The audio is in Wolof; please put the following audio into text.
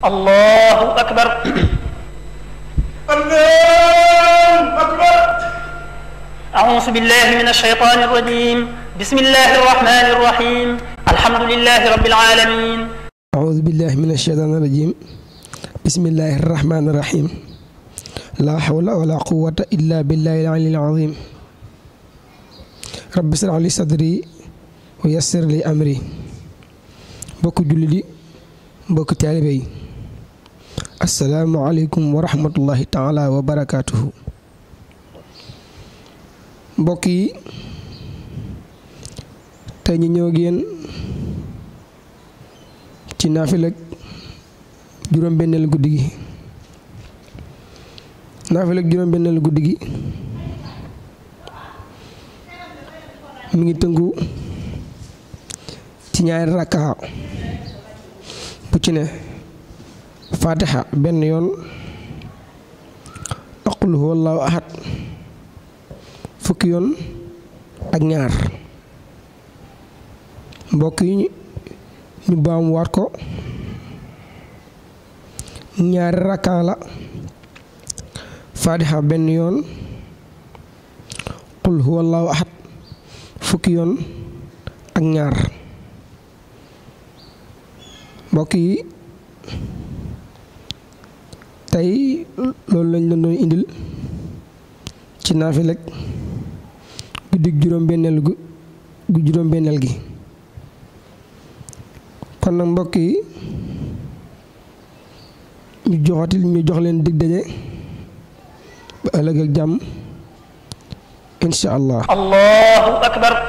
الله أكبر الله أكبر أعوذ بالله من الشيطان الرجيم بسم الله الرحمن الرحيم الحمد لله رب العالمين أعوذ بالله من الشيطان الرجيم بسم الله الرحمن الرحيم لا حول ولا قوة إلا بالله العلي العظيم رب اشرح لي صدري ويسر لي أمري بوك جلدي بوك تالبي asalaamualeykum wa rahmatullahi taala wa barakaatuhu mbokk yi tey ñi ñëw ak yéen ci naafila ak juróom-benneel guddi gi naafila ngi tënku ci ñaari rakkaa bu ci ne fatiha ben yon aqul huwallahu ahad fuk yon ak ñaar mbok yi ñu baam war ko ñaar rak'a la fatiha ben yon qul huwallahu ahad fuk yon ak ñaar mbok yi tey loolu lañ leen doon indil ci naafileeg guddig juróom-benneel gu juróom-benneel gi kon nag mbokk yi ñu joxati ñu jox leen dig daje ba ëllëg ak jàmm incha allah. allahu akbar.